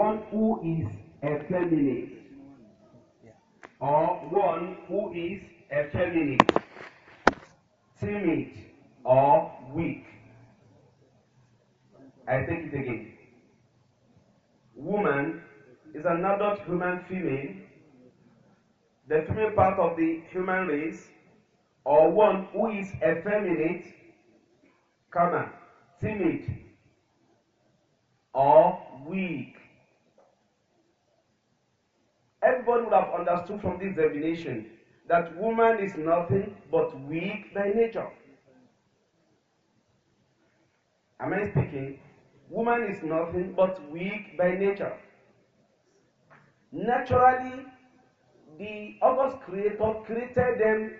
one who is effeminate or one who is effeminate, timid or weak. I take it again. Woman is an adult human female, the female part of the human race, or one who is effeminate, comma, timid, or weak. Everybody would have understood from this revelation that woman is nothing but weak by nature. Am I speaking? Woman is nothing but weak by nature. Naturally, the august creator created them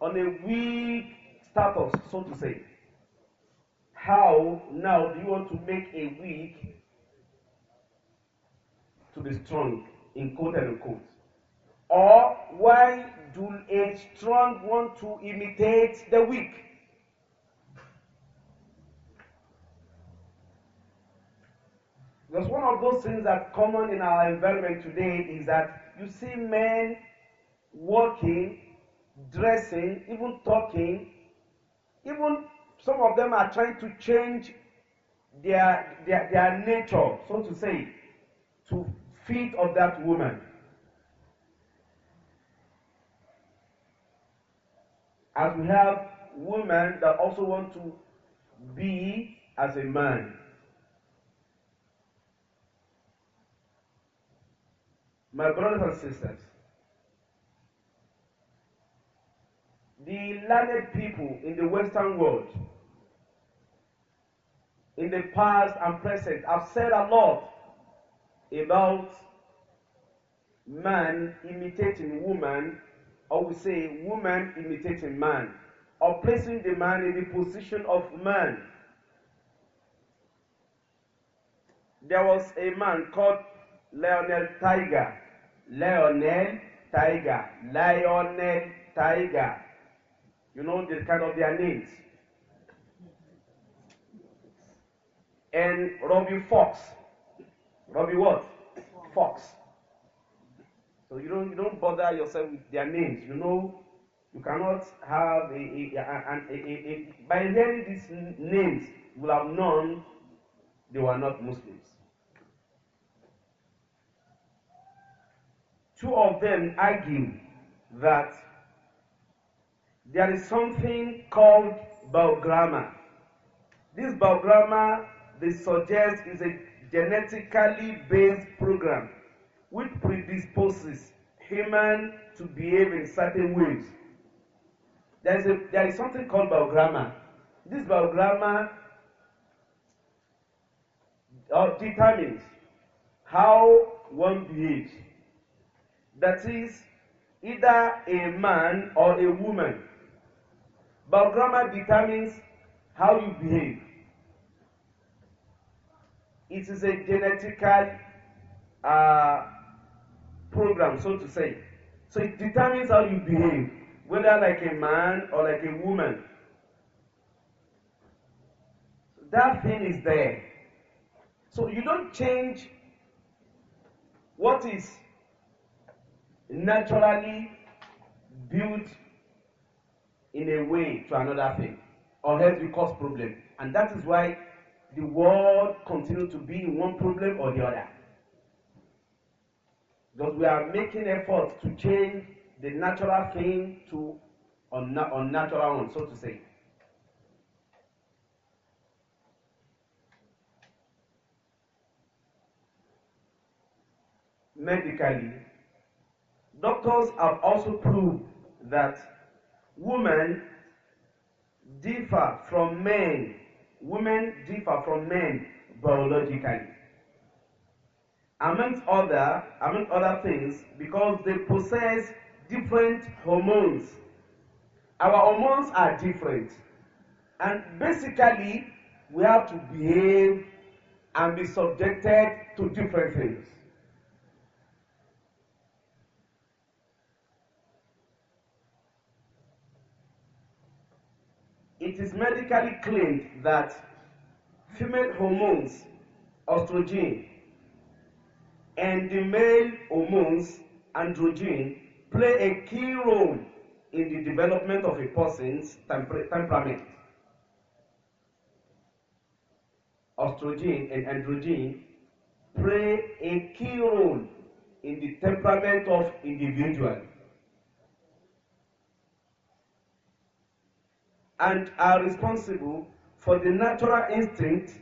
on a weak status, so to say. How now do you want to make a weak to be strong? in quote and unquote. Or why do a strong want to imitate the weak? Because one of those things that's common in our environment today is that you see men walking, dressing, even talking, even some of them are trying to change their, their, their nature, so to say, to feet of that woman. As we have women that also want to be as a man. My brothers and sisters, the learned people in the Western world in the past and present have said a lot about man imitating woman, or we say woman imitating man, or placing the man in the position of man. There was a man called Lionel Tiger. Lionel Tiger. Lionel Tiger. You know the kind of their names. And Robbie Fox. Robbie what? Fox. So you don't you don't bother yourself with their names. You know you cannot have a, a, a, a by hearing these names you will have known they were not Muslims. Two of them argue that there is something called Baograma. This Baograma, they suggest, is a genetically based program which predisposes human to behave in certain ways. There is, a, there is something called biogramma. This biogramma uh, determines how one behaves. That is, either a man or a woman. Biogramma determines how you behave. It is a genetical uh, program, so to say. So it determines how you behave, whether like a man or like a woman. That thing is there. So you don't change what is naturally built in a way to another thing, or else you cause problem. And that is why the world continue to be in one problem or the other. Because we are making efforts to change the natural thing to unnatural one, so to say. Medically, doctors have also proved that women differ from men women differ from men biologically. Among other, among other things, because they possess different hormones. Our hormones are different. And basically, we have to behave and be subjected to different things. is medically claimed that female hormones, estrogen, and the male hormones, androgen, play a key role in the development of a person's temper temperament. Estrogen and androgen play a key role in the temperament of individuals. and are responsible for the natural instinct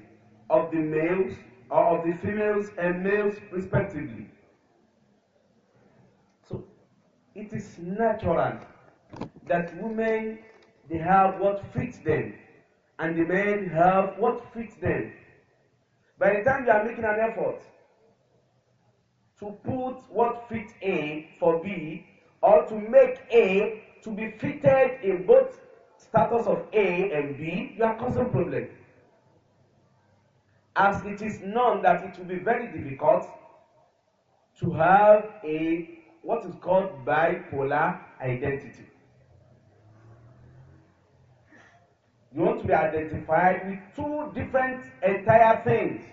of the males or of the females and males respectively. So it is natural that women they have what fits them and the men have what fits them. By the time you are making an effort to put what fits A for B or to make A to be fitted in both status of A and B, you are causing problems. As it is known that it will be very difficult to have a what is called bipolar identity. You want to be identified with two different entire things.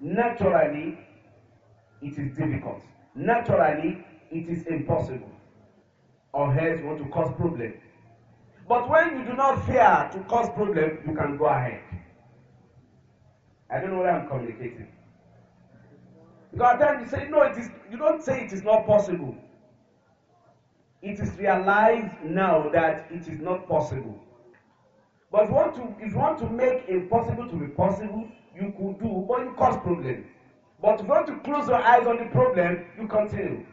Naturally, it is difficult. Naturally, it is impossible or else you want to cause problem. But when you do not fear to cause problem, you can go ahead. I don't know what I'm communicating. Because at you say, no, it is, you don't say it is not possible. It is realized now that it is not possible. But if you want to, if you want to make impossible to be possible, you could do, but you cause problem. But if you want to close your eyes on the problem, you continue.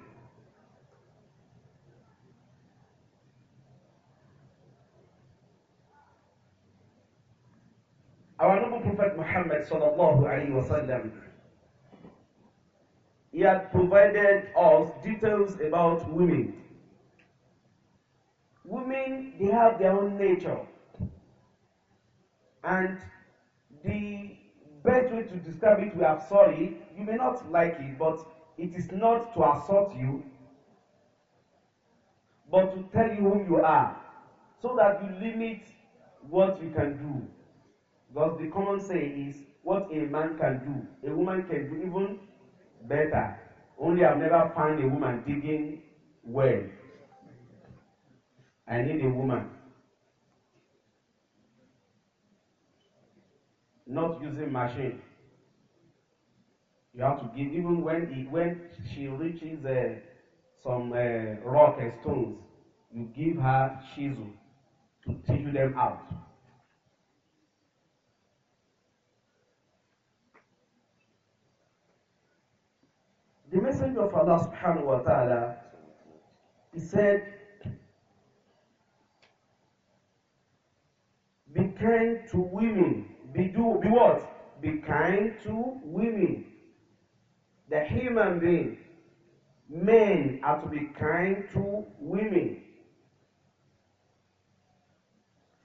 Prophet Muhammad sallallahu alaihi wasallam. He had provided us details about women. Women, they have their own nature. And the best way to describe it, we have sorry, you may not like it, but it is not to assault you, but to tell you who you are, so that you limit what you can do. Thus, the common saying is, what a man can do, a woman can do even better. Only I've never found a woman digging well. I need a woman. Not using machine. You have to give even when he, when she reaches uh, some uh, rock and stones, you give her chisel to chisel them out. The messenger of Allah subhanahu wa ta'ala, he said, Be kind to women. Be do be what? Be kind to women. The human being. Men are to be kind to women.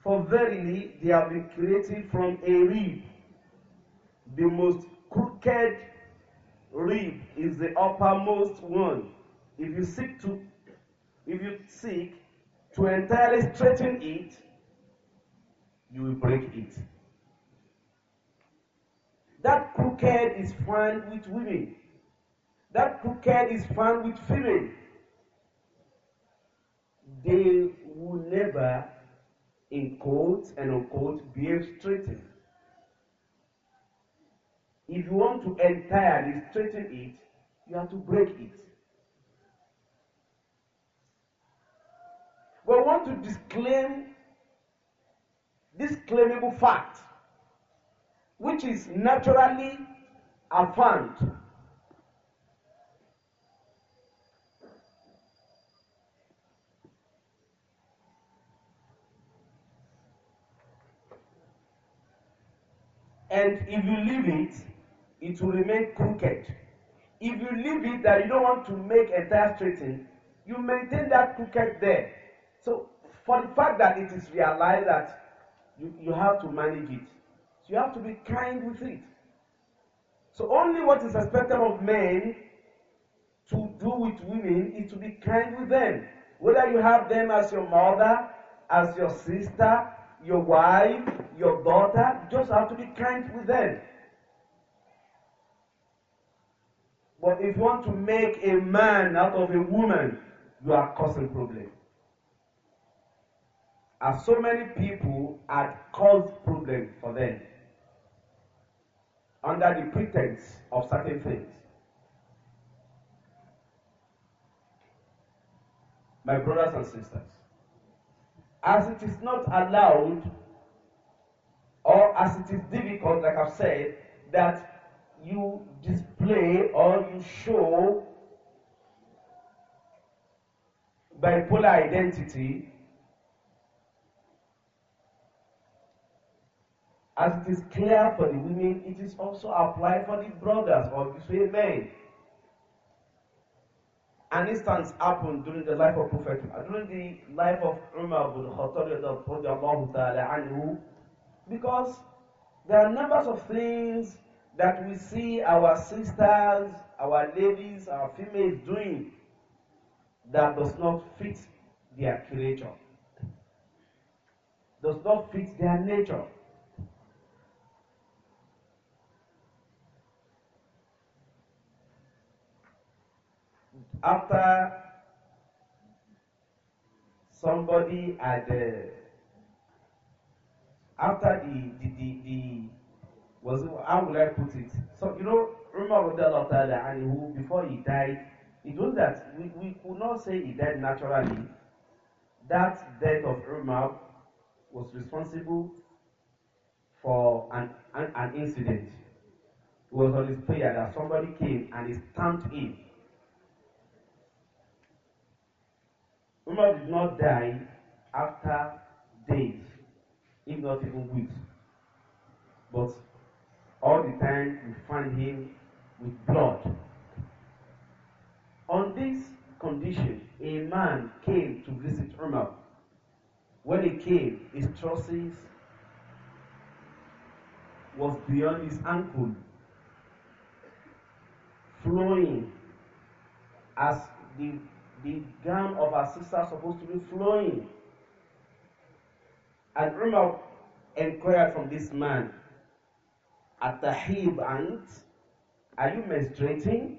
For verily they have been created from a rib, the most crooked rib is the uppermost one. If you seek to, if you seek to entirely straighten it, you will break it. That crooked is found with women. That crooked is found with women. They will never, in quotes and unquote, be straightened. If you want to entirely straighten it, you have to break it. We want to disclaim this claimable fact, which is naturally affirmed. And if you leave it, it will remain crooked. If you leave it that you don't want to make entire straighten, you maintain that crooked there. So for the fact that it is realized that you, you have to manage it, so you have to be kind with it. So only what is expected of men to do with women is to be kind with them. Whether you have them as your mother, as your sister, your wife, your daughter, you just have to be kind with them. But if you want to make a man out of a woman, you are causing problem. As so many people had caused problem for them under the pretense of certain things. My brothers and sisters, as it is not allowed or as it is difficult, like I've said, that you display Play on show bipolar identity as it is clear for the women it is also applied for the brothers or the same men an instance happened during the life of prophet during the life of Umar bin Khattab radiallahu ta'ala anhu because there are numbers of things that we see our sisters, our ladies, our females doing that does not fit their creator, does not fit their nature. After somebody had, uh, after the, the, the, the was how would I put it? So you know, Umar and who before he died, it was that we, we could not say he died naturally. That death of Umar was responsible for an, an, an incident. It was on his prayer that somebody came and he stamped him. Umar did not die after days, if not even weeks. But all the time we find him with blood. On this condition, a man came to visit Umar. When he came, his trousers was beyond his ankle, flowing as the, the gown of our sister supposed to be flowing. And Umar inquired from this man, Atahib aunt, are you menstruating?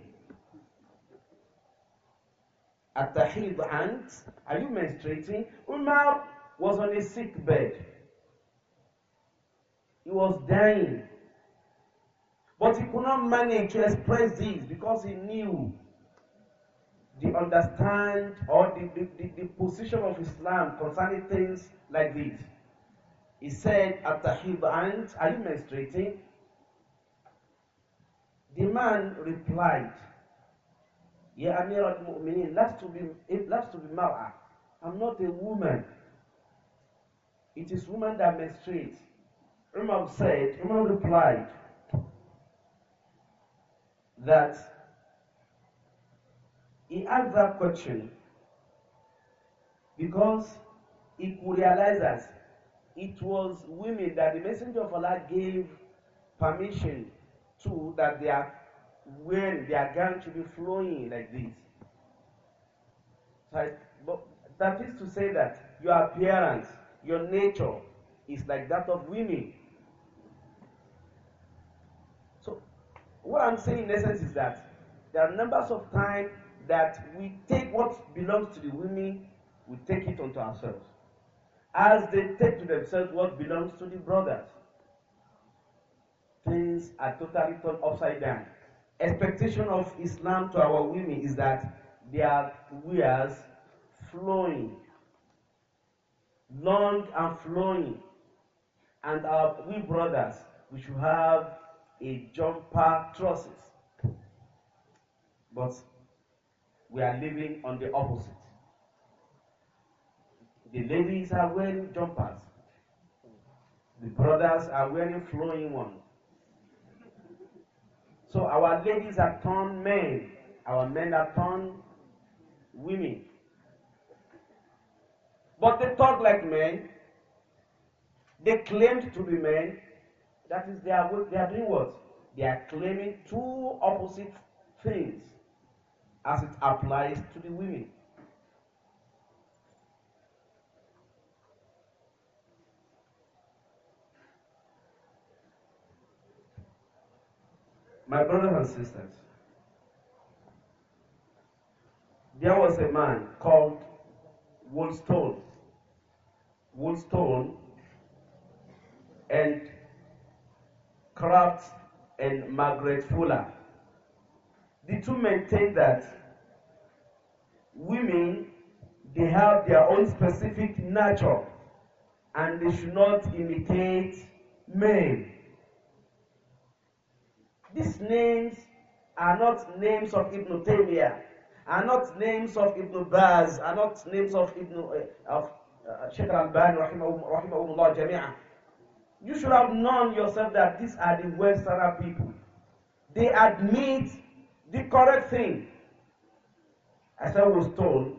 Atahib aunt, are you menstruating? Umar was on a sick bed. He was dying. But he could not manage to express this because he knew the understand or the, the, the, the position of Islam concerning things like this. He said, Atahib aunt, are you menstruating? The man replied, Ya Amir al-Mu'minin, to be mar'a. I'm not a woman. It is woman that menstruates. Umar said, Umar replied that he asked that question because he could realize that it was women that the messenger of Allah gave permission two that they are when they are going to be flowing like this. Like, that is to say that your appearance, your nature is like that of women. So, what I'm saying in essence is that there are numbers of times that we take what belongs to the women, we take it unto ourselves. As they take to themselves what belongs to the brothers things are totally turned upside down. Expectation of Islam to our women is that their wears flowing, long and flowing. And our we brothers, we should have a jumper trousers. But we are living on the opposite. The ladies are wearing jumpers. The brothers are wearing flowing ones. So our ladies are turned men, our men are turned women. But they talk like men, they claim to be men. That is, they are, they are doing what? They are claiming two opposite things as it applies to the women. My brothers and sisters, there was a man called Woolstone. Woolstone and Kraft and Margaret Fuller. The two maintained that women they have their own specific nature and they should not imitate men. These names are not names of Ibn Taymiyyah, are not names of Ibn Baz, are not names of Ibn uh, of uh, Sheikh Al-Albani, rahimahumullah jami'ah. You should have known yourself that these are the West Arab people. They admit the correct thing. I said Wollstone,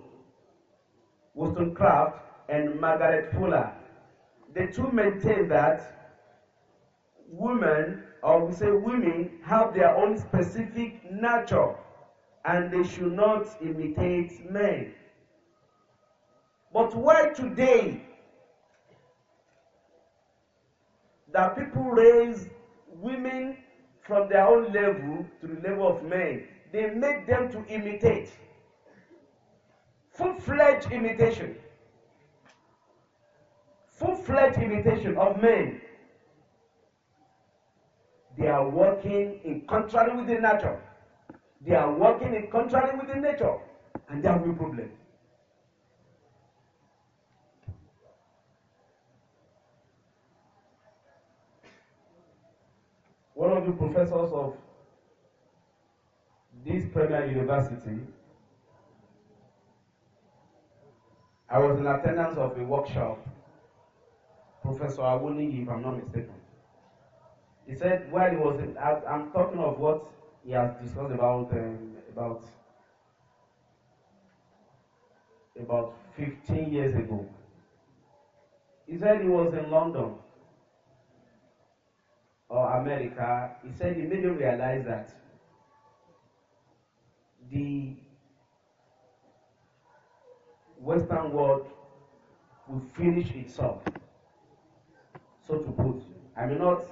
Wollstonecraft, and Margaret Fuller. The two maintain that women or we say women have their own specific nature and they should not imitate men. But why today that people raise women from their own level to the level of men, they make them to imitate. Full-fledged imitation. Full-fledged imitation of men. They are working in contrary with the nature. They are working in contrary with the nature. And there will no problem. One of the professors of this premier university, I was in attendance of a workshop, Professor Awoniyi, if I'm not mistaken. He said while he was, in, I, I'm talking of what he has discussed about um, about about 15 years ago. He said he was in London or America. He said he made him realize that the Western world will finish itself. So to put, I may not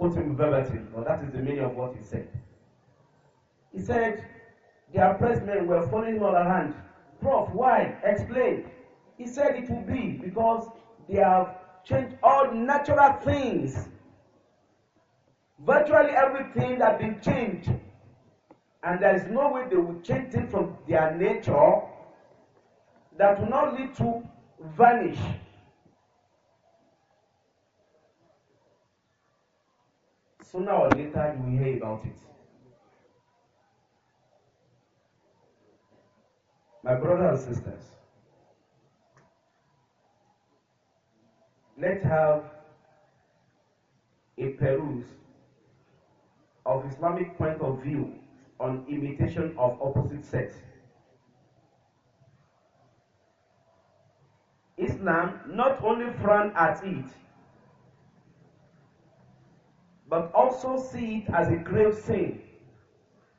quoting verbatim, but that is the meaning of what he said. He said, the oppressed men were falling all around. Prof, why? Explain. He said it will be because they have changed all natural things. Virtually everything has been changed. And there is no way they will change things from their nature that will not lead to vanish Sooner or later, you will hear about it. My brothers and sisters, let's have a peruse of Islamic point of view on imitation of opposite sex. Islam not only frown at it, but also see it as a grave sin.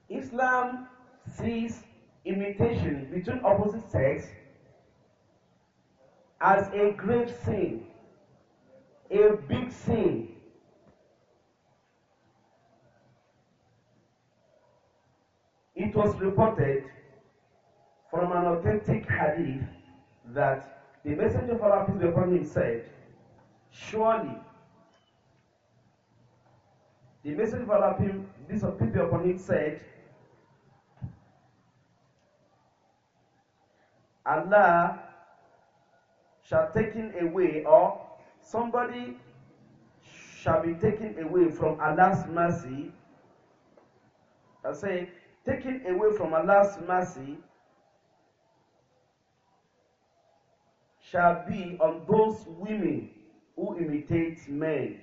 Islam sees imitation between opposite sex as a grave sin, a big sin. It was reported from an authentic hadith that the messenger of Allah peace be upon him said, Surely The message developing this of people upon him said, Allah shall taken away or somebody shall be taken away from Allah's mercy. I say, taken away from Allah's mercy shall be on those women who imitate men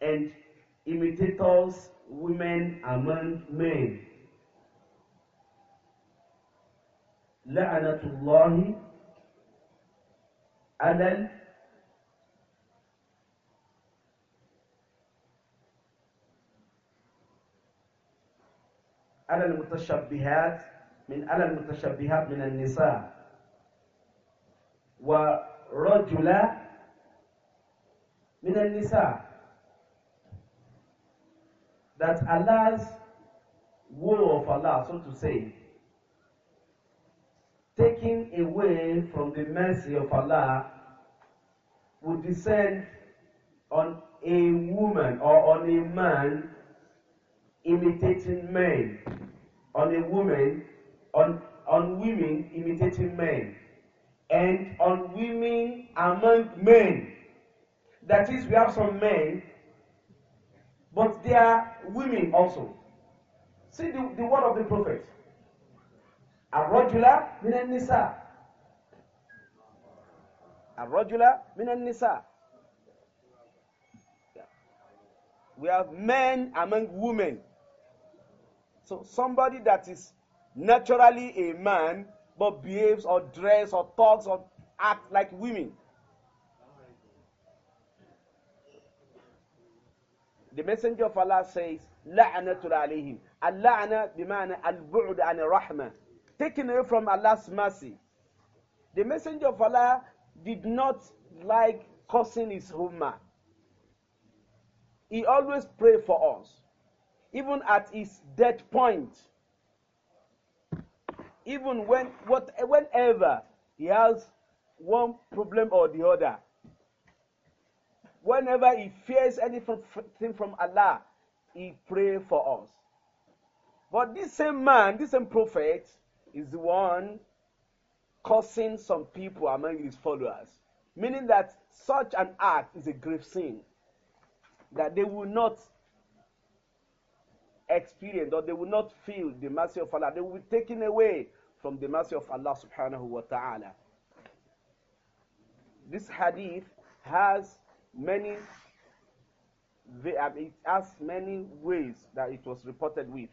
and imitators, women among men. لعنة الله على على المتشبهات من على المتشبهات من النساء ورجل من النساء that Allah's will of Allah, so to say, taking away from the mercy of Allah would descend on a woman or on a man imitating men, on a woman, on, on women imitating men, and on women among men. That is, we have some men But they are women also. See the, the word of the prophet. Arrojula minan nisa. Arrojula minan nisa. We have men among women. So somebody that is naturally a man but behaves or dress or talks or acts like women. The messenger of Allah says, La'anatul alayhim. Al-la'na bimana al-bu'd an rahma. Taken away from Allah's mercy. The messenger of Allah did not like cursing his ummah. He always prayed for us. Even at his death point. Even when, what, whenever he has one problem or the other, whenever he fears anything from Allah, he pray for us. But this same man, this same prophet, is the one causing some people among his followers, meaning that such an act is a grave sin that they will not experience or they will not feel the mercy of Allah. They will be taken away from the mercy of Allah subhanahu wa ta'ala. This hadith has many they, um, it has many ways that it was reported with.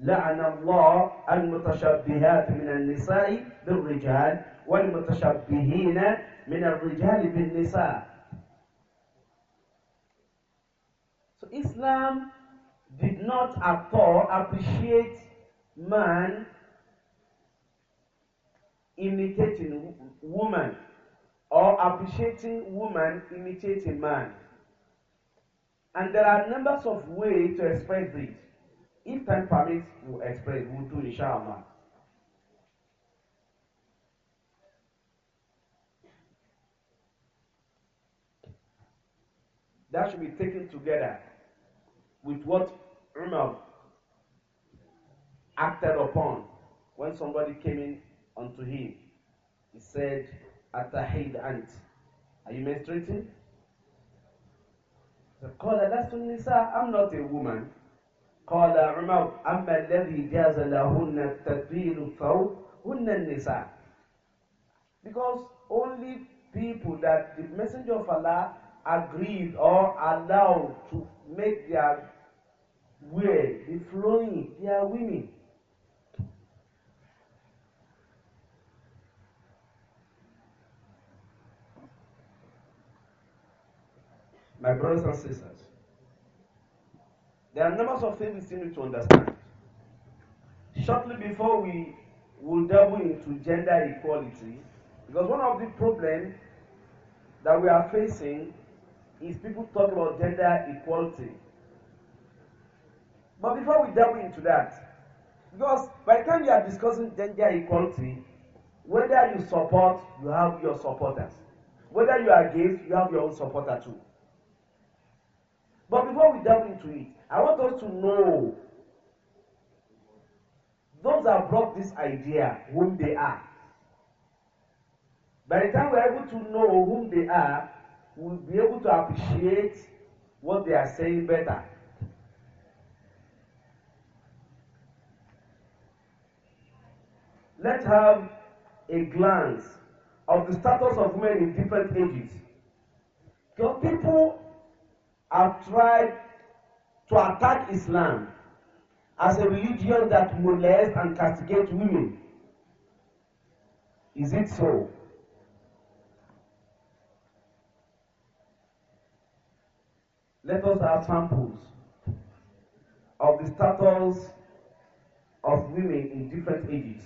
لعن الله المتشبهات من النساء بالرجال والمتشبهين من الرجال بالنساء. So Islam did not at all appreciate man imitating woman or appreciating woman imitating man. And there are numbers of ways to express this. If time permits, we'll express, we'll do inshallah. That should be taken together with what Umar acted upon when somebody came in unto him. He said, Atahid ant. Are you menstruating? Caller that's لست nisa. I'm not a woman قال عمر أما الذي جاز لهن تدبير الثوب هن النساء because only people that the messenger of Allah agreed or allowed to make their way, the flowing they are women My brothers and sisters, there are numbers of things we still need to understand. Shortly before we will delve into gender equality, because one of the problems that we are facing is people talk about gender equality. But before we delve into that, because by the time you are discussing gender equality, whether you support, you have your supporters. Whether you are against, you have your own supporter too. But before we delve into it, I want us to know those that brought this idea, whom they are. By the time we're able to know whom they are, we'll be able to appreciate what they are saying better. Let's have a glance of the status of men in different ages. Because people have tried to attack Islam as a religion that molests and castigates women. Is it so? Let us have samples of the status of women in different ages.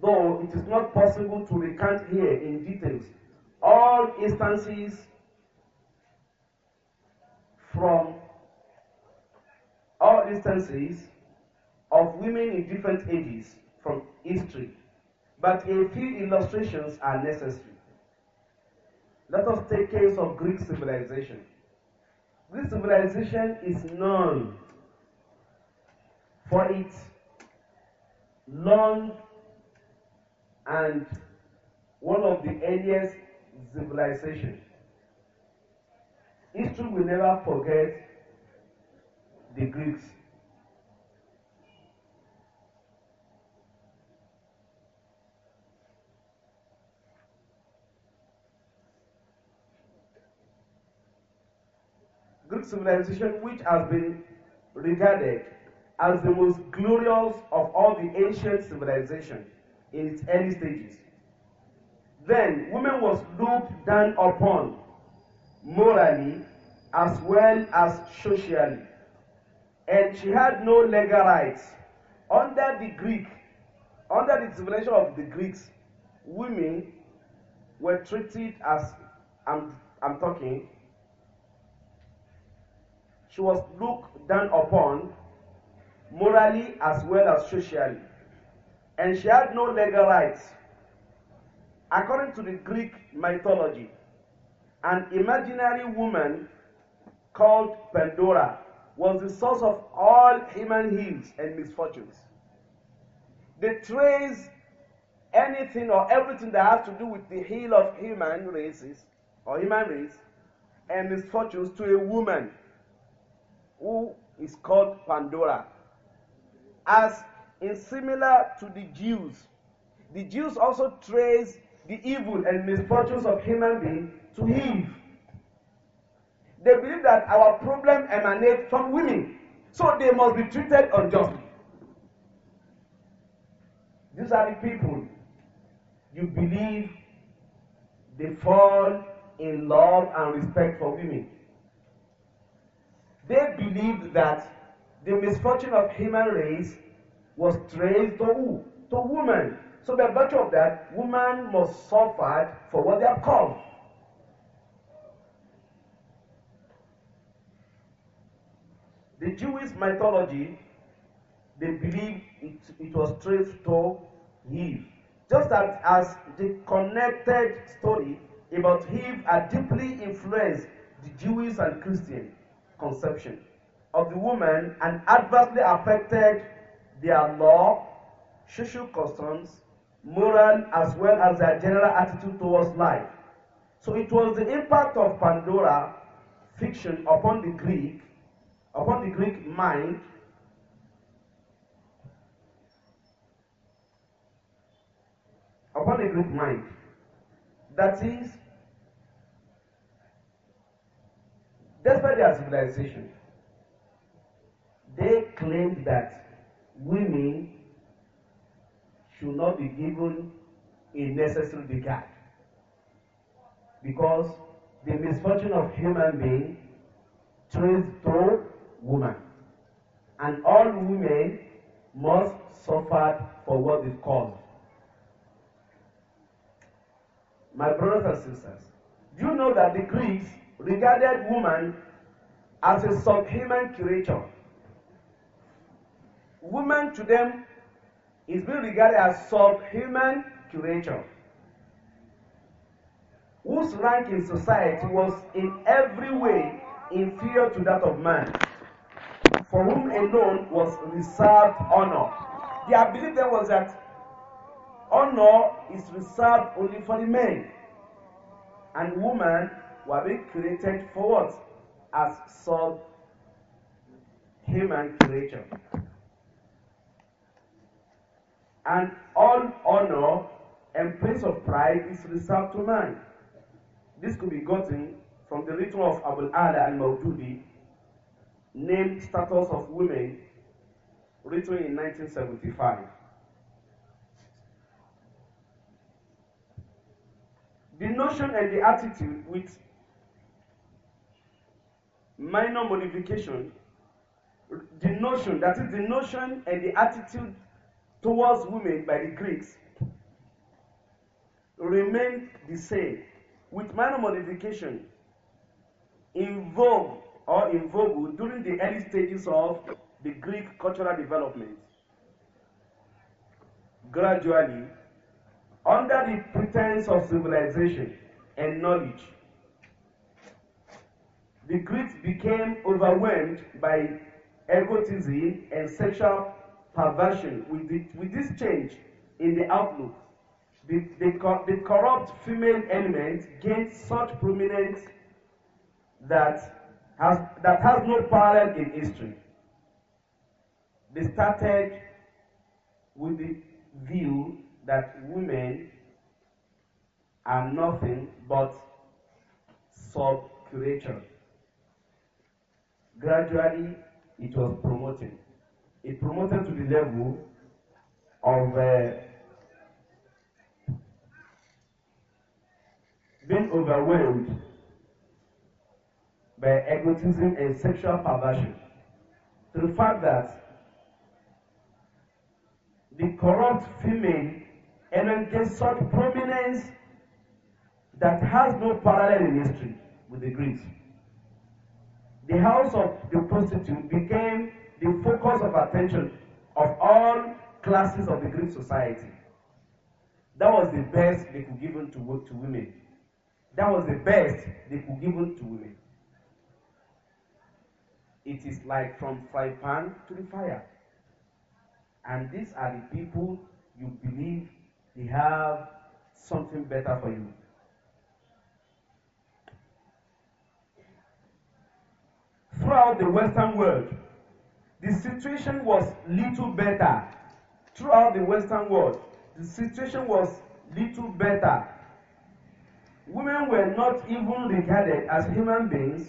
Though it is not possible to recount here in details all instances from all instances of women in different ages from history, but a few illustrations are necessary. Let us take case of Greek civilization. Greek civilization is known for its long and one of the earliest civilizations. History will never forget the Greeks. Greek civilization, which has been regarded as the most glorious of all the ancient civilizations in its early stages. Then, women was looked down upon morally, as well as socially. And she had no legal rights. Under the Greek, under the civilization of the Greeks, women were treated as I'm, I'm talking. She was looked down upon morally as well as socially. And she had no legal rights. According to the Greek mythology, An imaginary woman called Pandora was the source of all human ills and misfortunes. They trace anything or everything that has to do with the heel of human races or human race and misfortunes to a woman who is called Pandora. As in similar to the Jews, the Jews also trace the evil and misfortunes of human beings to him. They believe that our problem emanates from women, so they must be treated unjustly. These are the people you believe they fall in love and respect for women. They believed that the misfortune of human race was traced to who? To women. So by virtue of that, woman must suffer for what they have caused. The Jewish mythology, they believe it, it was traced to Eve. Just as, as the connected story about Eve had deeply influenced the Jewish and Christian conception of the woman and adversely affected their law, social customs, moral, as well as their general attitude towards life. So it was the impact of Pandora fiction upon the Greek upon the Greek mind, upon the Greek mind, that is, despite their civilization, they claimed that women should not be given a necessary regard because the misfortune of human being traced through woman. And all women must suffer for what is called. My brothers and sisters, do you know that the Greeks regarded woman as a subhuman creature? Woman to them is being regarded as subhuman creature whose rank in society was in every way inferior to that of man for whom alone was reserved honor. Their belief then was that honor is reserved only for the men, and women were being created for what? As sub-human creature. And all honor and place of pride is reserved to man. This could be gotten from the ritual of Abul Ala and Maududi named Status of Women, written in 1975. The notion and the attitude with minor modification, the notion, that is the notion and the attitude towards women by the Greeks remained the same, with minor modification involved or in vogue during the early stages of the Greek cultural development. Gradually, under the pretense of civilization and knowledge, the Greeks became overwhelmed by egotism and sexual perversion. With, the, with this change in the outlook, the, the, the corrupt female element gained such prominence that has, that has no parallel in history. They started with the view that women are nothing but sub creatures. Gradually, it was promoted. It promoted to the level of uh, being overwhelmed by egotism and sexual perversion to the fact that the corrupt female enjoys such prominence that has no parallel in history with the Greeks. The house of the prostitute became the focus of attention of all classes of the Greek society. That was the best they could give to, to women. That was the best they could give to women. It is like from fry pan to the fire. And these are the people you believe they have something better for you. Throughout the Western world, the situation was little better. Throughout the Western world, the situation was little better. Women were not even regarded as human beings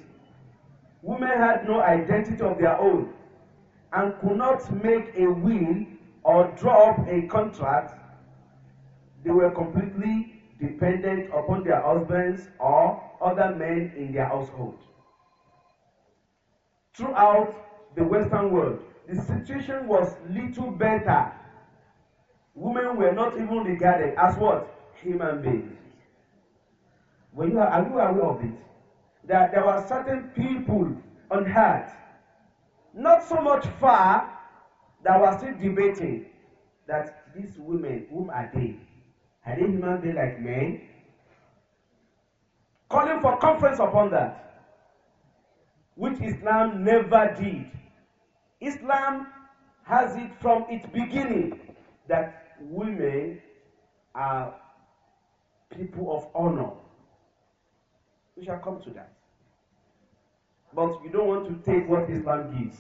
Women had no identity of their own and could not make a will or draw up a contract. They were completely dependent upon their husbands or other men in their household. Throughout the Western world, the situation was little better. Women were not even regarded as what? Human beings. Were you, are you aware of it? that there were certain people on earth, not so much far, that were still debating that these women, whom are they? Are they human beings like men? Calling for conference upon that, which Islam never did. Islam has it from its beginning that women are people of honor. We shall come to that. But you don't want to take what Islam gives.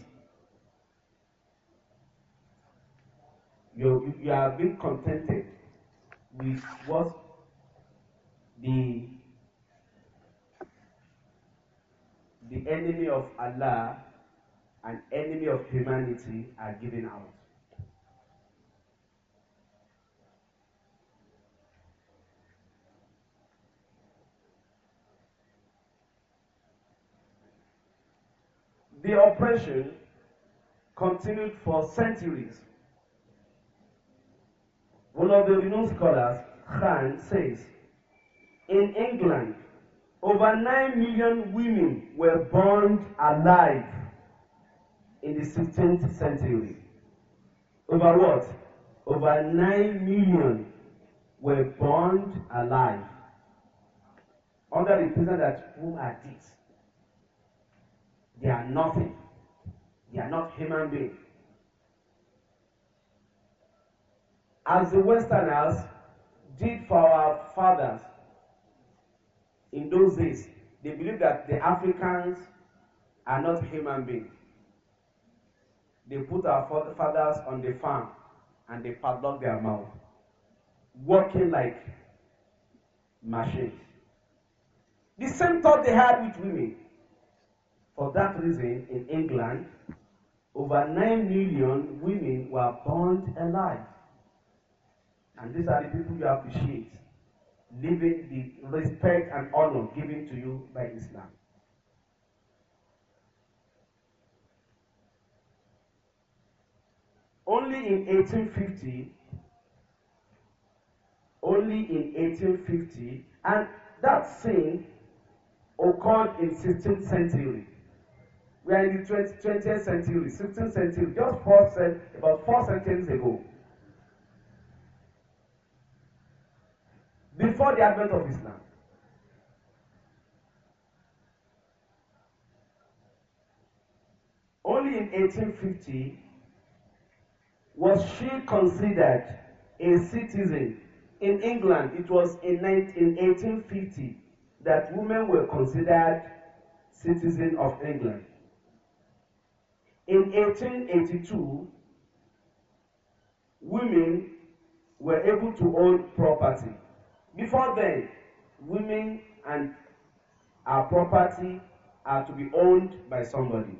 You, you, are being contented with what the the enemy of Allah and enemy of humanity are giving out. The oppression continued for centuries. One of the renowned scholars, Khan, says, in England, over 9 million women were burned alive in the 16th century. Over what? Over 9 million were burned alive. Under the prison that who are these? They are nothing. They are not human beings. As the Westerners did for our fathers in those days, they believed that the Africans are not human beings. They put our fathers on the farm and they padlock their mouth, working like machines. The same thought they had with women. For that reason, in England, over 9 million women were burned alive. And these are the people you appreciate, living the respect and honor given to you by Islam. Only in 1850, only in 1850, and that thing occurred in 16th century. We are in the 20, th century, 16th century, just four cent, about four centuries ago. Before the advent of Islam. Only in 1850 was she considered a citizen. In England, it was in 19, 1850 that women were considered citizens of England. In 1882, women were able to own property. Before then, women and our property are to be owned by somebody.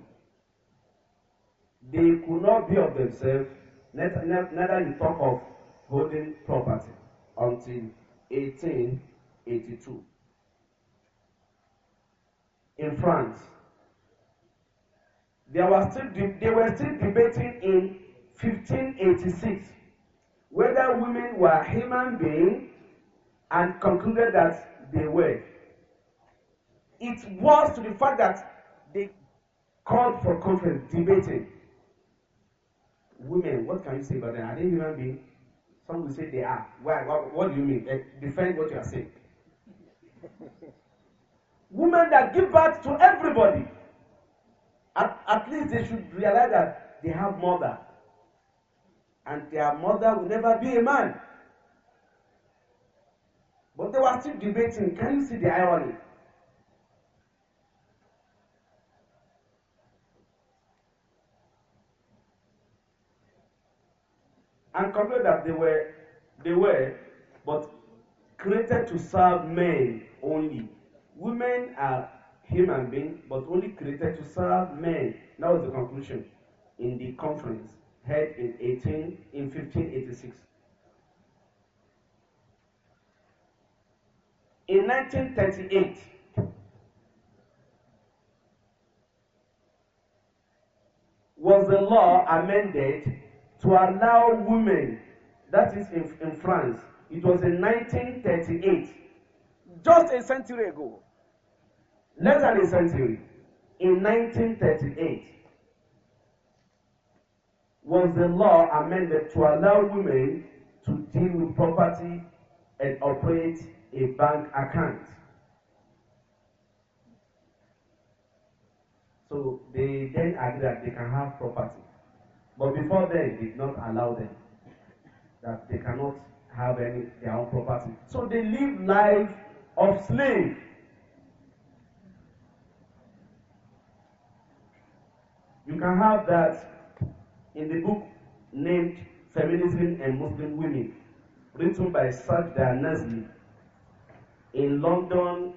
They could not be of themselves, neither in talk of holding property until 1882. In France, they were still they were still debating in 1586 whether women were human beings and concluded that they were. It was to the fact that they called for conference debating. Women, what can you say about them? Are they human beings? Some will say they are. Why? What, what do you mean? Uh, defend what you are saying. Women that give birth to everybody. At, at least they should realize that they have mother. And their mother will never be a man. But they were still debating. Can you see the irony? And complained that they were, they were, but created to serve men only. Women are human being, but only created to serve men. That was the conclusion in the conference held in 18 in 1586. In 1938, was the law amended to allow women, that is in, in France, it was in 1938, just a century ago less than a century, in 1938, was the law amended to allow women to deal with property and operate a bank account. So they then agreed that they can have property. But before then, it did not allow them that they cannot have any their own property. So they live life of slave. You can have that in the book named Feminism and Muslim Women, written by Sajda Nazmi in London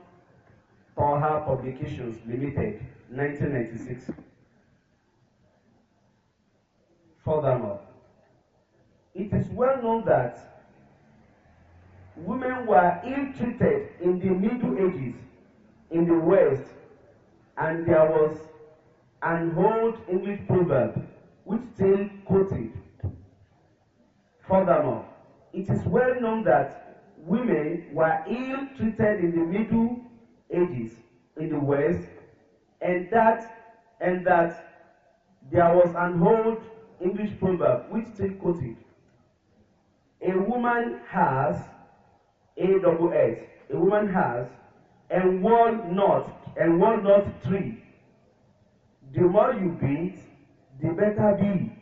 Power Publications Limited, 1996. Furthermore, it is well known that women were ill-treated in the Middle Ages in the West and there was and old English proverb, which Taylor quoted. Furthermore, it is well known that women were ill-treated in the Middle Ages in the West, and that and that there was an old English proverb which still quoted. A woman has a double S. A woman has and one not and one not three The more you beat, the better be.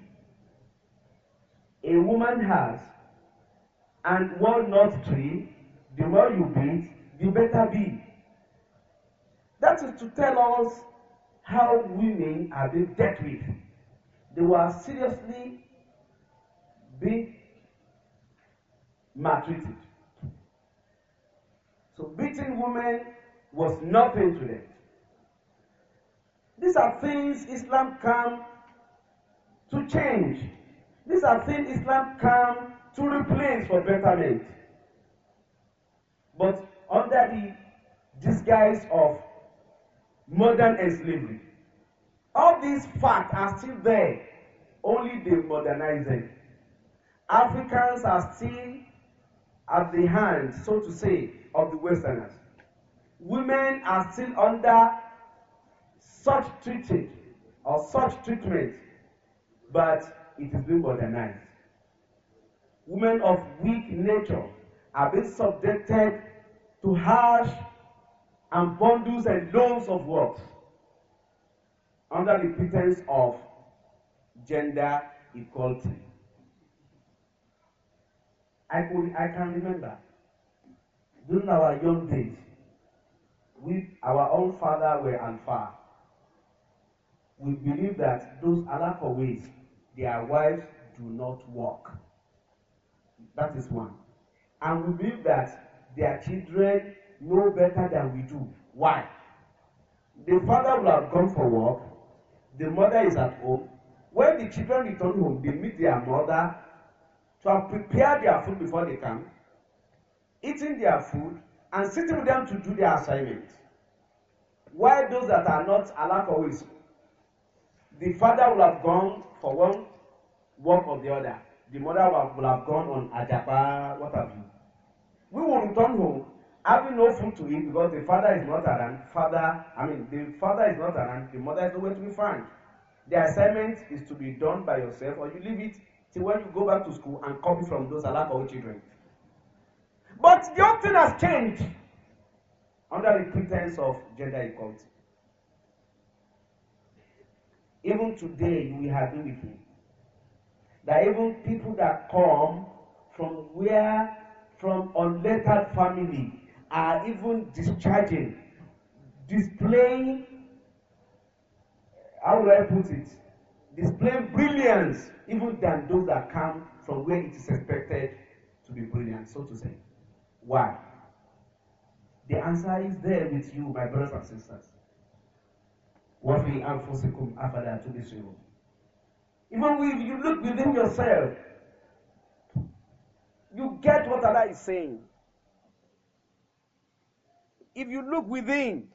A woman has and not tree, the more you beat, the better be. That is to tell us how women are being dealt with. They were seriously being maltreated. So beating women was nothing to them. These are things Islam come to change. These are things Islam come to replace for betterment. But under the disguise of modern slavery, all these facts are still there, only they modernize them. Africans are still at the hand, so to say, of the Westerners. Women are still under such treated or such treatment, but it is being modernized. Women of weak nature are being subjected to harsh and bundles and loans of work under the pretense of gender equality. I, could, I can remember during our young days, we, our own father were Alfa we believe that those Alakoways, their wives do not work. That is one. And we believe that their children know better than we do. Why? The father will have gone for work, the mother is at home. When the children return home, they meet their mother to have prepared their food before they come, eating their food, and sitting with them to do their assignment. While those that are not Alakoways The father would have gone for one work or the other. The mother would have gone on ajapa, what have you. We will return home having no food to eat because the father is not around. Father, I mean, the father is not around. The mother is nowhere to be found. The assignment is to be done by yourself, or you leave it till when you go back to school and copy from those Alakowo children. But the whole thing has changed under the pretense of gender equality. Even today, we have happy with him. That even people that come from where, from unlettered family, are even discharging, displaying, how do I put it? Displaying brilliance even than those that come from where it is expected to be brilliant, so to say. Why? The answer is there with you, my brothers and sisters. وَفِي أَنفُسِكُمْ أَفَلَا تُبْصِرُونَ Even if you look within yourself, you get what Allah is saying. If you look within,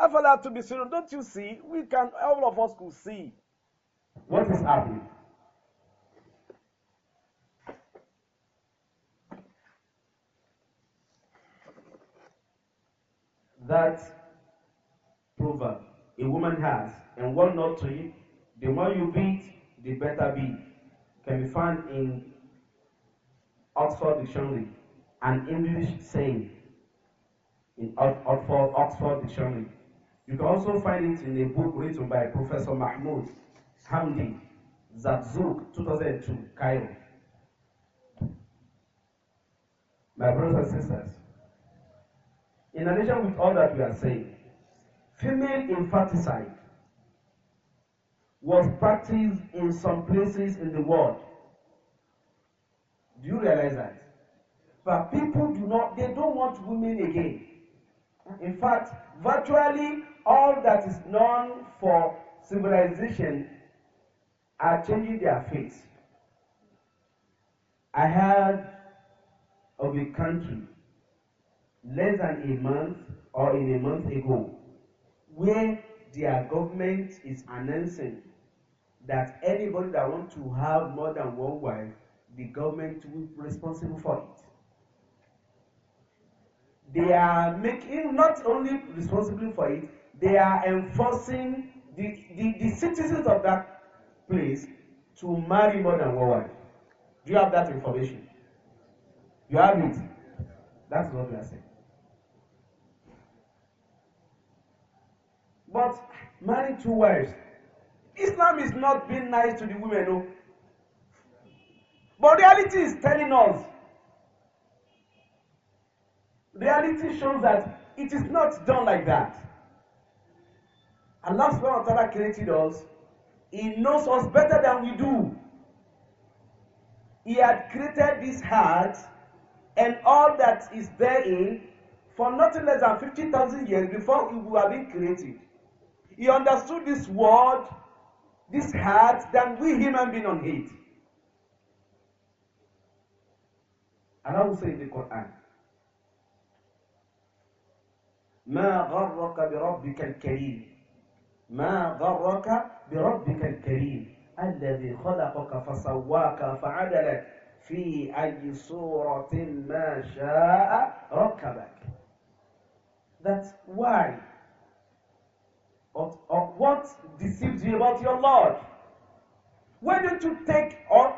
to be تُبْصِرُونَ Don't you see? We can, all of us could see what is happening. That proverb a woman has and what not to it, the more you beat, the better be. Can be found in Oxford Dictionary, an English saying in Oxford, Oxford Dictionary. You can also find it in a book written by Professor Mahmoud Hamdi Zabzouk, 2002, Cairo. My brothers and sisters, in addition with all that we are saying, Female infanticide was practiced in some places in the world. Do you realize that? But people do not, they don't want women again. In fact, virtually all that is known for civilization are changing their face. I heard of a country less than a month or in a month ago where their government is announcing that anybody that want to have more than one wife, the government will be responsible for it. They are making not only responsible for it, they are enforcing the, the, the citizens of that place to marry more than one wife. Do you have that information? You have it. That's what we are saying. but marry two wives Islam is not being nice to the women o but reality is telling us reality shows that it is not done like that Allah subhanahu wa ta'ala created us he knows us better than we do he had created this heart and all that is therein for nothing less than fifty thousand years before we were being created He understood this world, this heart, than we human beings on it. Allah will say in the Quran, ما غرك بربك الكريم ما غرك بربك الكريم الذي خلقك فسواك فعدلك في أي صورة ما شاء ركبك That's why of, of what deceived you about your Lord? Why don't you take on,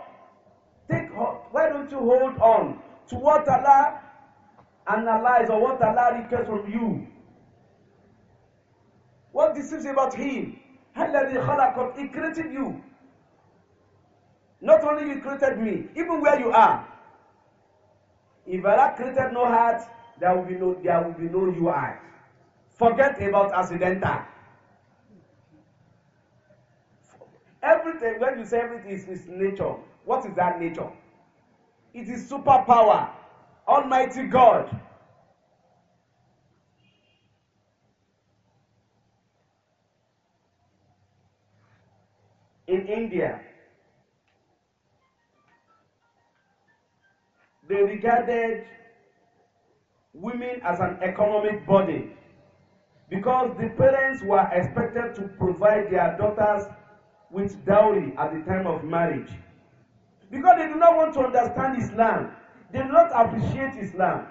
take why don't you hold on to what Allah analyzes or what Allah requests from you? What deceives you about Him? He created you. Not only He created me, even where you are. If Allah created no heart, there will be no, there will be no you are. Forget about accidental. Everything, when you say everything is his nature, what is that nature? It is superpower, Almighty God. In India, they regarded women as an economic body because the parents were expected to provide their daughters with dowry at the time of marriage. Because they do not want to understand Islam, they do not appreciate Islam.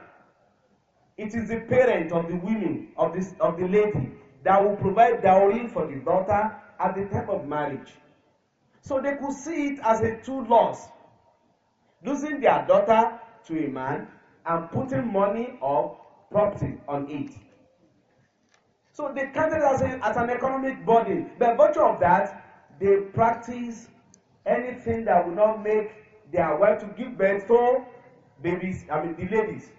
It is the parent of the women, of, this, of the lady, that will provide dowry for the daughter at the time of marriage. So they could see it as a two loss. Losing their daughter to a man and putting money or property on it. So they counted as, a, as an economic burden. By virtue of that, they practice anything that will not make their wife to give birth to babies i mean the ladies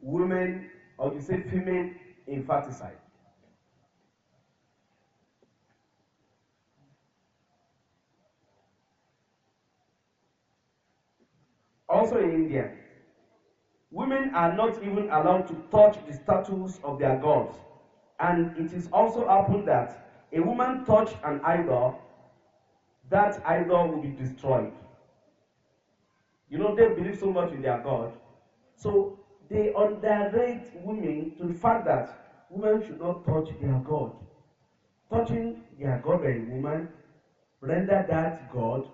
women or you say female infanticide also in india women are not even allowed to touch the statues of their gods And it is also happened that a woman touch an idol, that idol will be destroyed. You know, they believe so much in their God. So they underrate women to the fact that women should not touch their God. Touching their God by a woman render that God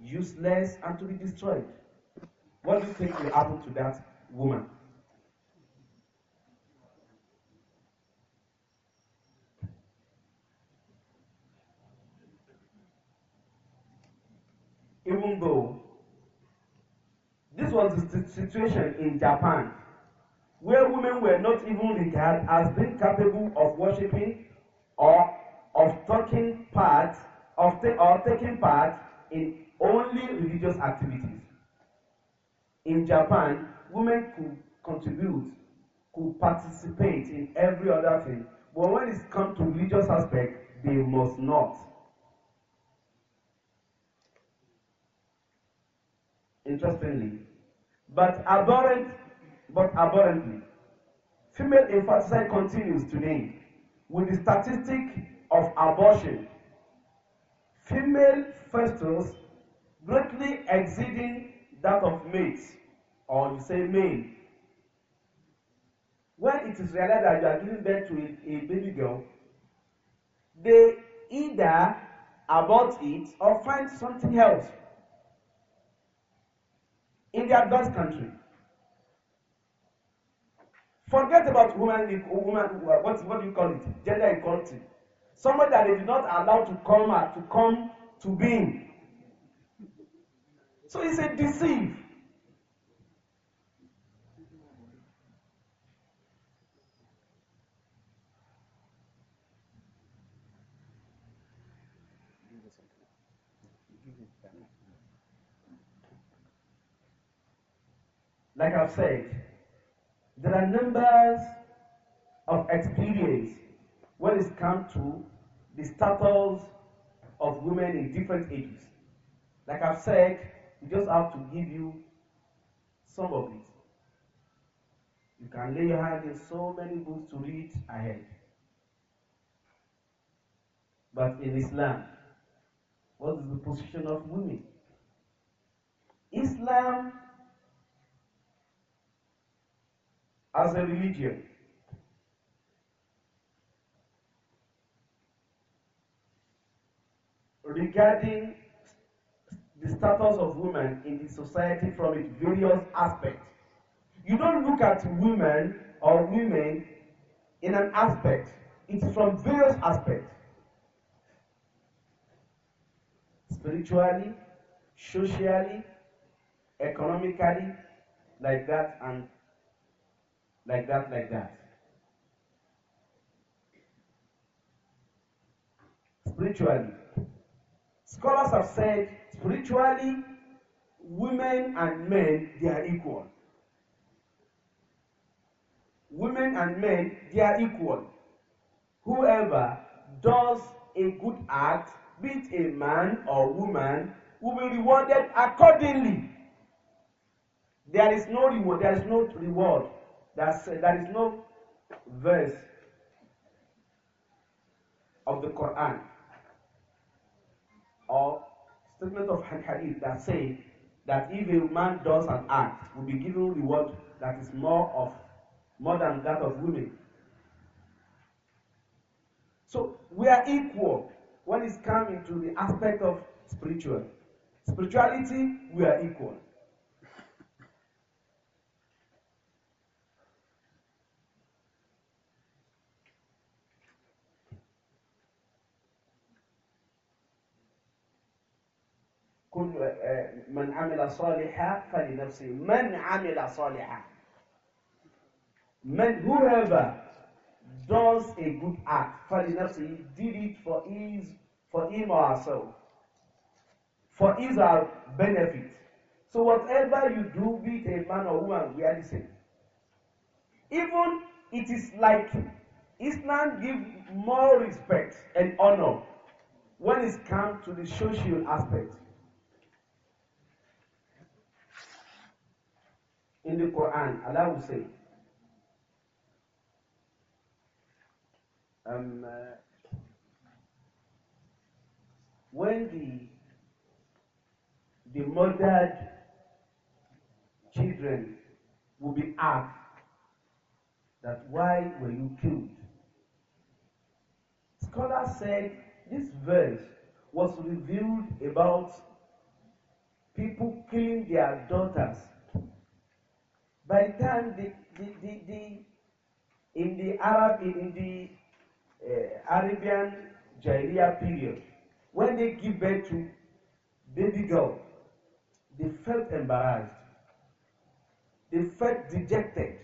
useless and to be destroyed. What do you think will happen to that woman? even though this was the situation in Japan where women were not even regarded as being capable of worshiping or of taking part of ta or taking part in only religious activities. In Japan, women could contribute, could participate in every other thing, but when it comes to religious aspect, they must not. interestingly. But abhorrent, but abhorrently, female infanticide continues today with the statistic of abortion. Female festers greatly exceeding that of mates, or you say male. When it is realized that you are giving birth to a, a baby girl, they either abort it or find something else in the advanced country. Forget about woman, woman what, what do you call it? Gender equality. Somebody that they did not allow to come to come to being. So it's a deceive. Like I've said, there are numbers of experience when it comes to the status of women in different ages. Like I've said, we just have to give you some of it. You can lay your hand in so many books to read ahead. But in Islam, what is the position of women? Islam as a religion. Regarding the status of women in the society from its various aspects. You don't look at women or women in an aspect, it's from various aspects. Spiritually, socially, economically, like that, and like that, like that. Spiritually, scholars have said spiritually, women and men they are equal. Women and men they are equal. Whoever does a good act, be it a man or woman, will be rewarded accordingly. There is no reward, there is no reward That's, there is no verse of the Quran or statement of hadith that say that if a man does an act, will be given reward that is more of more than that of women. So we are equal when it comes into the aspect of spiritual. Spirituality, we are equal. كل من عمل صالحا فلنفسه من عمل صالحا من whoever does a good act فلنفسه did it for his for him or herself for his or benefit so whatever you do be it a man or woman we are the same even it is like Islam give more respect and honor when it come to the social aspect in the Quran. Allah will say. Um, uh, when the the murdered children will be asked that why were you killed? Scholars said this verse was revealed about people killing their daughters by the time the, the, the, the in the Arab in the uh, Arabian Jahiliya period, when they give birth to baby girl, they felt embarrassed. They felt dejected.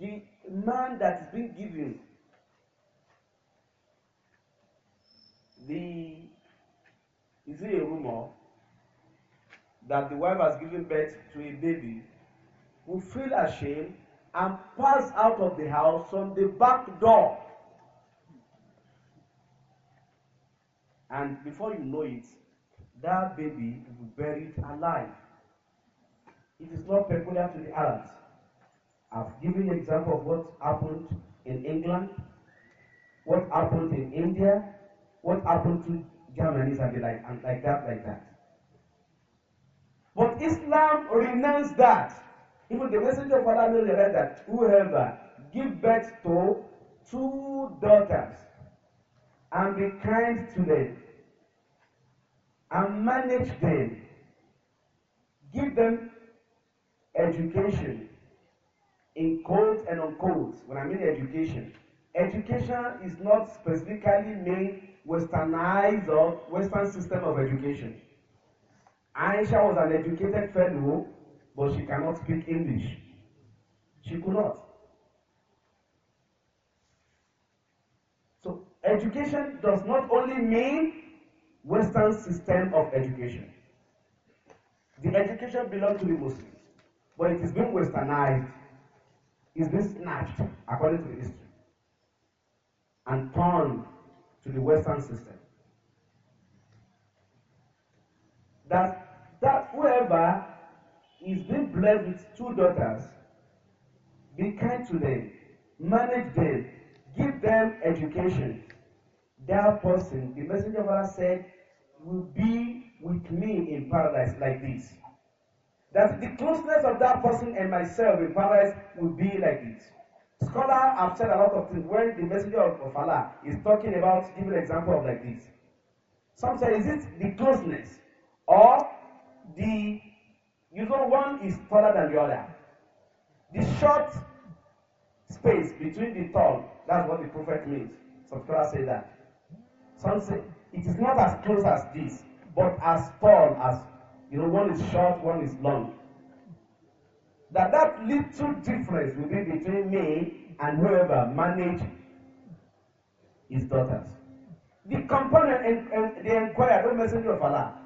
The man that that's been given the is it a rumor that the wife has given birth to a baby will feel ashamed and pass out of the house from the back door. And before you know it, that baby will be buried alive. It is not peculiar to the Arabs. I've given an example of what happened in England, what happened in India, what happened to Germany, and like, and like that, like that. But Islam renounced that. Even the messenger of Allah made that whoever give birth to two daughters and be kind to them and manage them, give them education in quotes and unquotes. When I mean education, education is not specifically made westernized or western system of education. Aisha was an educated fellow but she cannot speak English. She could not. So education does not only mean Western system of education. The education belongs to the Muslims, but it is being westernized, it's being snatched according to the history, and turned to the Western system. That that whoever is being blessed with two daughters. Be kind to them, manage them, give them education. That person, the messenger of Allah said, will be with me in paradise like this. That the closeness of that person and myself in paradise will be like this. Scholars have said a lot of things when the messenger of Allah is talking about giving an example of like this. Some say, is it the closeness or the You know, one is taller than the other. The short space between the tall, that's what the prophet means. Some people say that. Some say it is not as close as this, but as tall as, you know, one is short, one is long. That that little difference will be between me and whoever manage his daughters. The companion and, and the inquirer, the messenger of Allah,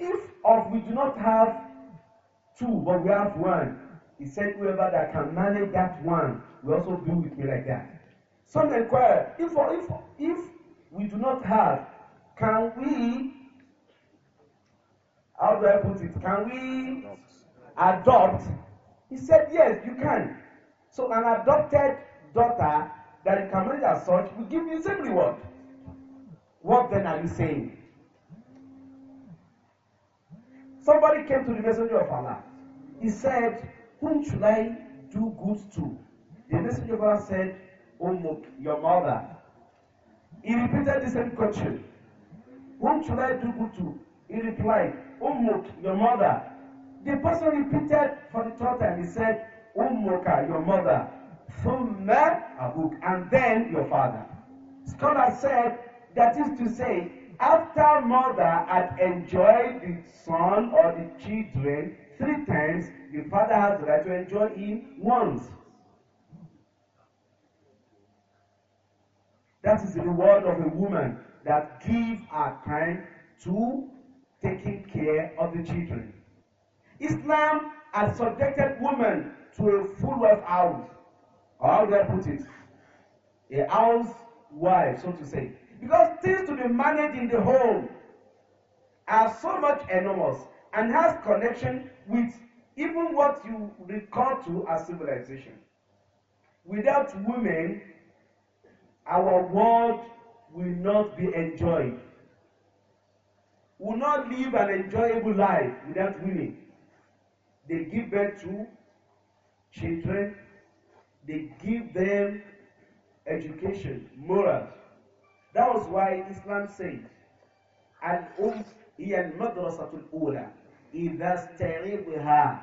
if of we do not have Two, but we have one. He said, whoever that can manage that one will also do with me like that. Some inquire, if, if, if we do not have, can we, how do I put it, can we adopt? He said, yes, you can. So an adopted daughter that you can manage as such will give you the same reward. What then are you saying? Somebody came to the messenger of Allah He said, Whom should I do good to? The messenger of Allah said, Ummuk, oh, your mother. He repeated the same question. Whom should I do good to? He replied, Ummuk, oh, your mother. The person repeated for the third time. He said, Ummuka, oh, your mother. Thumma abuk, and then your father. Scholar said, that is to say, after mother had enjoyed the son or the children, three times, the father has the right to enjoy him once. That is the reward of a woman that gives her time to taking care of the children. Islam has subjected women to a full wife house. Or how do I put it? A housewife, so to say. Because things to be managed in the home are so much enormous and has connection with even what you recall to as civilization. Without women, our world will not be enjoyed. We will not live an enjoyable life without women. They give birth to children, they give them education, morals. That was why Islam said, Al-Um, هي المدرسة الأولى idasteribuha.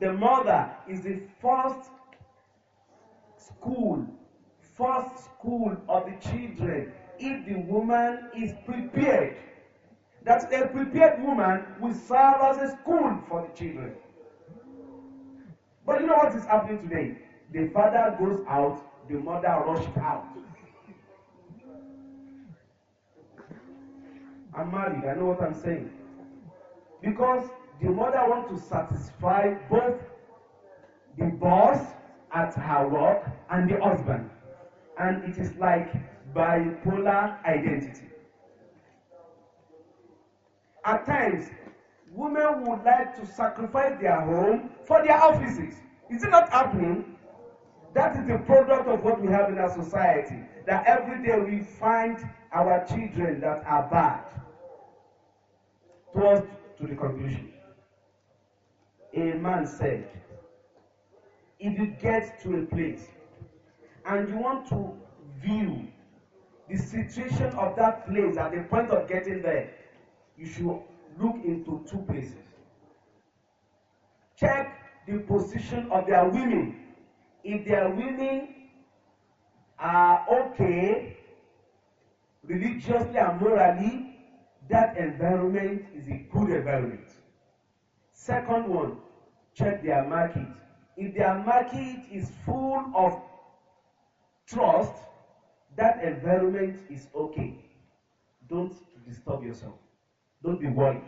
The mother is the first school, first school of the children if the woman is prepared. That a prepared woman will serve as a school for the children. But you know what is happening today? The father goes out, the mother rushes out. I'm married, I know what I'm saying because the mother want to satisfy both the boss at her work and the husband and it is like bipolar identity. At times, women would like to sacrifice their home for their offices. Is it not happening? That is the product of what we have in our society. That every day we find our children that are bad. To us, to the conclusion. A man said, if you get to a place and you want to view the situation of that place at the point of getting there, you should look into two places. Check the position of their women. If their women are okay religiously and morally, that environment is a good environment. Second one, check their market. If their market is full of trust, that environment is okay. Don't disturb yourself. Don't be worried.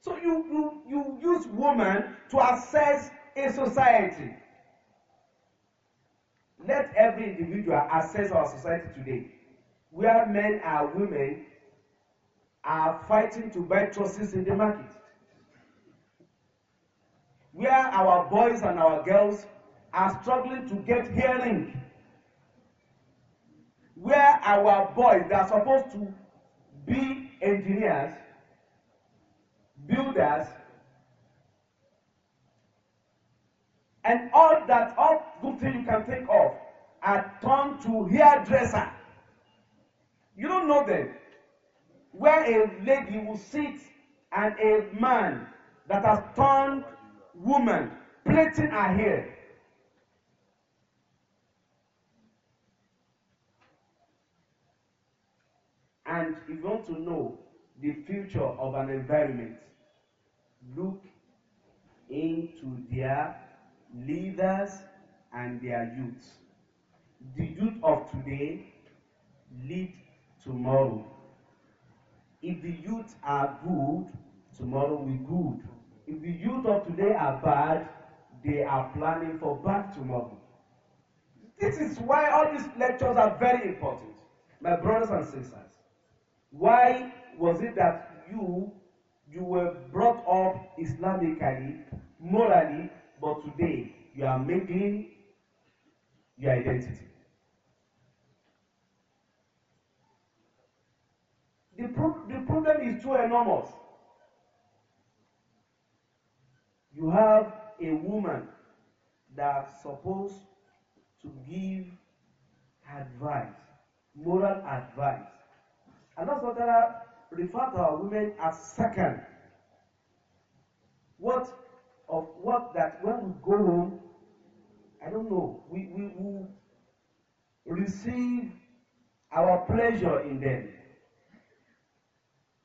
So you, you, you use woman to assess a society. Let every individual assess our society today where men and women are fighting to buy trusses in the market. Where our boys and our girls are struggling to get hearing. Where our boys that are supposed to be engineers, builders, and all that all good thing you can think of are turned to hairdresser. You don't know them. Where a lady will sit and a man that has turned woman plaiting her hair. And if you want to know the future of an environment, look into their leaders and their youth. The youth of today lead tomorrow. If the youth are good, tomorrow will be good. If the youth of today are bad, they are planning for bad tomorrow. This is why all these lectures are very important, my brothers and sisters. Why was it that you you were brought up Islamically, morally, but today you are making your identity? The, pro- the problem is too enormous. You have a woman that's supposed to give advice, moral advice. And that's what I refer to our women as second. What of what that when we go home, I don't know, we, we will receive our pleasure in them.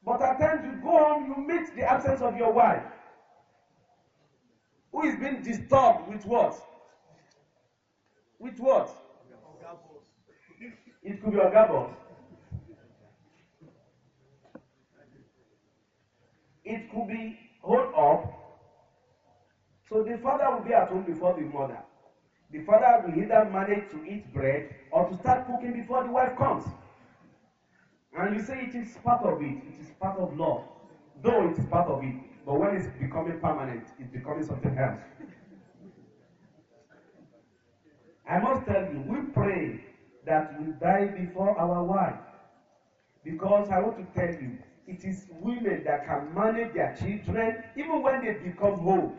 But at times you go home, you meet the absence of your wife, who is being disturbed with what? With what? It could be a boss. It could be hold up. So the father will be at home before the mother. The father will either manage to eat bread or to start cooking before the wife comes. And you say it is part of it, it is part of love. Though it is part of it, but when it's becoming permanent, it's becoming something else. I must tell you, we pray that we die before our wife. Because I want to tell you, it is women that can manage their children even when they become old.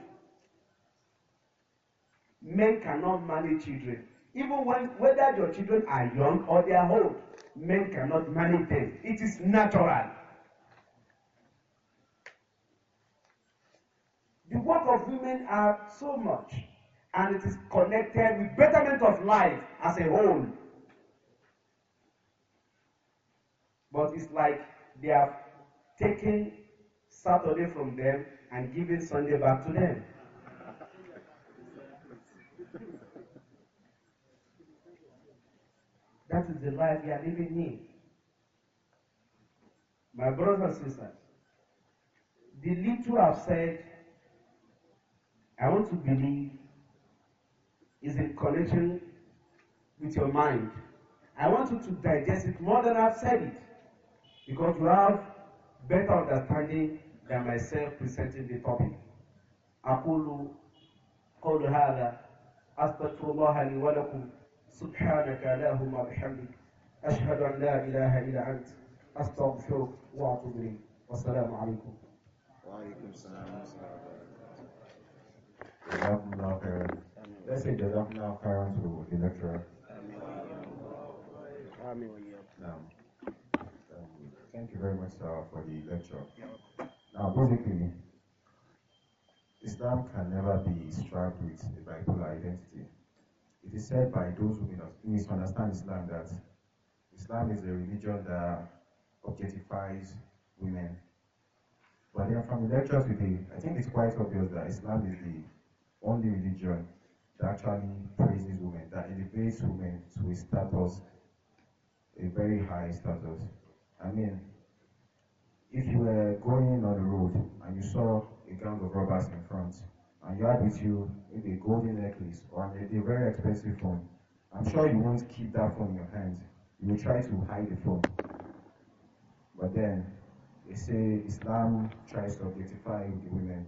Men cannot manage children, even when whether your children are young or they are old men cannot manage them. It is natural. The work of women are so much, and it is connected with betterment of life as a whole. But it's like they have taken Saturday from them and given Sunday back to them. That is the life we are living in. My brothers and sisters, the little I've said, I want to believe, is in connection with your mind. I want you to digest it more than I've said it, because you have better understanding than myself presenting the topic. أقول قول هذا أستغفر الله لي ولكم سبحانك اللهم بحمدك أشهد أن لا إله إلا أنت أستغفرك وأتوب إليك والسلام عليكم وعليكم السلام ورحمة الله جزاكم الله خيرا. Let's say جزاكم الله خيرا to the lecturer. Amen. Um, thank you very much uh, for the lecture. Now, basically, Islam can never be struck with a bipolar identity. It is said by those who misunderstand Islam that Islam is a religion that objectifies women. But then from the lectures today, I think it's quite obvious that Islam is the only religion that actually praises women, that elevates women to a status, a very high status. I mean, if you were going on the road and you saw a gang of robbers in front, and you had with you maybe a golden necklace or a, a very expensive phone, I'm sure you won't keep that phone in your hands. You will try to hide the phone. But then they say Islam tries to objectify the women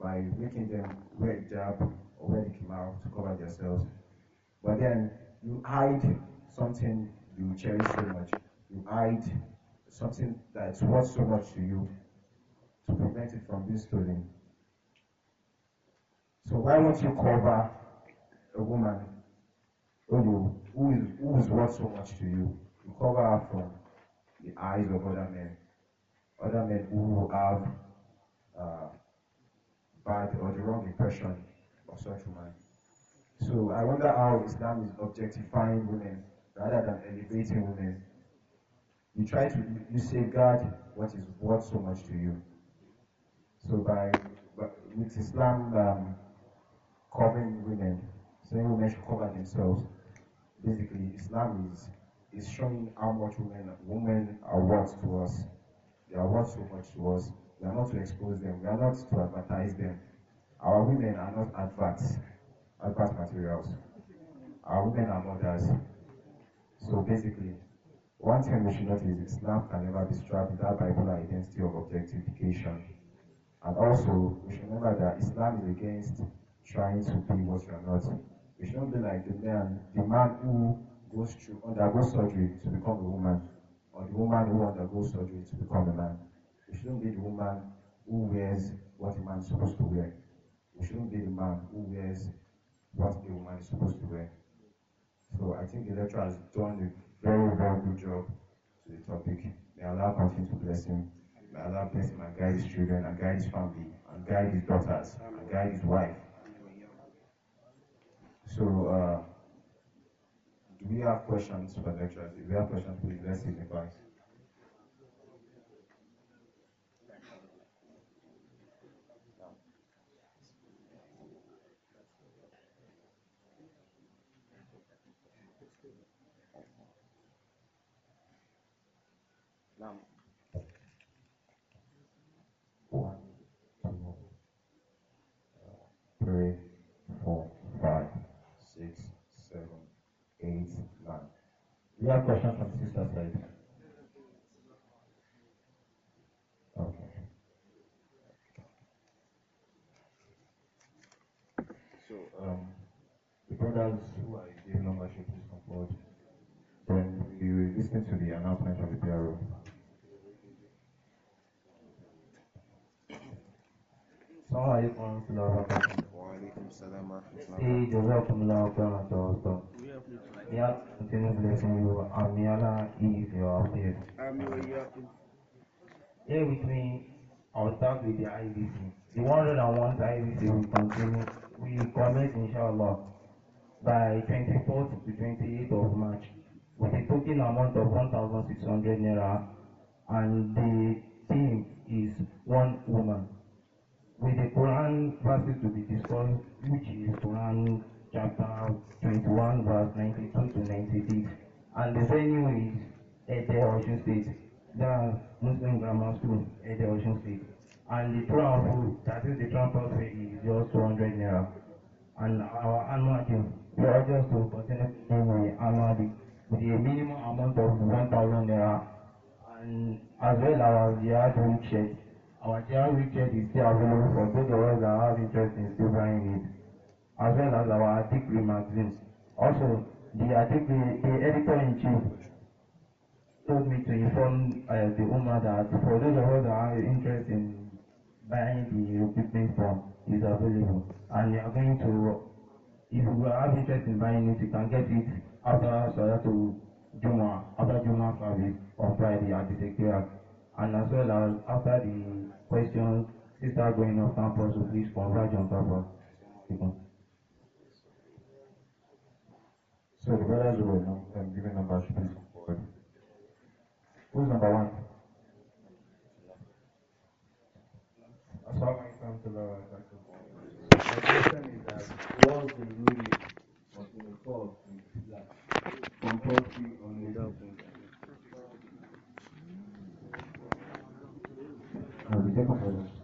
by making them wear a hijab or wear the kimal to cover themselves. But then you hide something you cherish so much. You hide something that's worth so much to you to prevent it from being stolen. So why won't you cover a woman who, is, who is worth so much to you? You cover her from the eyes of other men, other men who have uh, bad or the wrong impression of such woman. So I wonder how Islam is objectifying women rather than elevating women. You try to you say God, what is worth so much to you. So by, by with Islam. Um, covering women, saying women should cover themselves. Basically, Islam is is showing how much women women are worth to us. They are worth so much to us. We are not to expose them. We are not to advertise them. Our women are not adverts, advert materials. Our women are mothers. So basically, one thing we should notice is Islam can never be strapped with that bipolar identity of objectification. And also, we should remember that Islam is against trying to be what you are not. You shouldn't be like the man, the man who goes through undergoes surgery to become a woman, or the woman who undergoes surgery to become a man. You shouldn't be the woman who wears what a man is supposed to wear. You shouldn't be the man who wears what a woman is supposed to wear. So I think the lecturer has done a very, very good job to the topic. May Allah continue to bless him. May Allah bless him and guide his children and guide his family and guide his daughters and guide his wife. So, uh, do we have questions for lecturers? If we have questions, please let's signify. eight land. Do have questions from the sister side? Okay. So um, the brothers who are in the membership, please come forward. Then we will listen to the announcement of the PRO. السلام عليكم to الله about. Hey, Jazakumullah khairan to us. Yeah, continue blessing you. Ami Allah is your update. Here with me, I'll start with the IBC. The 101 IBC will continue. We commit, inshallah, by 24th to 28th of March with a token amount of 1,600 naira and the team is one woman with the Quran verses to be discussed, which is Quran chapter 21, verse 92 to 96. And the venue is Ede Ocean State, the Muslim Grammar School, Ede Ocean State. And the transport that is the transport fee, is just 200 naira. And our annual due, we are just to continue paying annually with a minimum amount of 1,000 naira. And as well as the hard shirt. Our general weekend is still available for those of us that have interest in still buying it, as well as our article magazine. Also, the article, the editor-in-chief told me to inform uh, the owner that for those of us that have interest in buying the equipment from is available and you are going to if you have interest in buying it you can get it after Salatu Juma after Juma service on Friday at the secure and as well as after the questions, sister going off campus will please converge on campus. So the brothers will know I'm giving numbers um, please forward. Who's number one? My question is that what's the rule of the call compulsory on the 别怕，儿。子。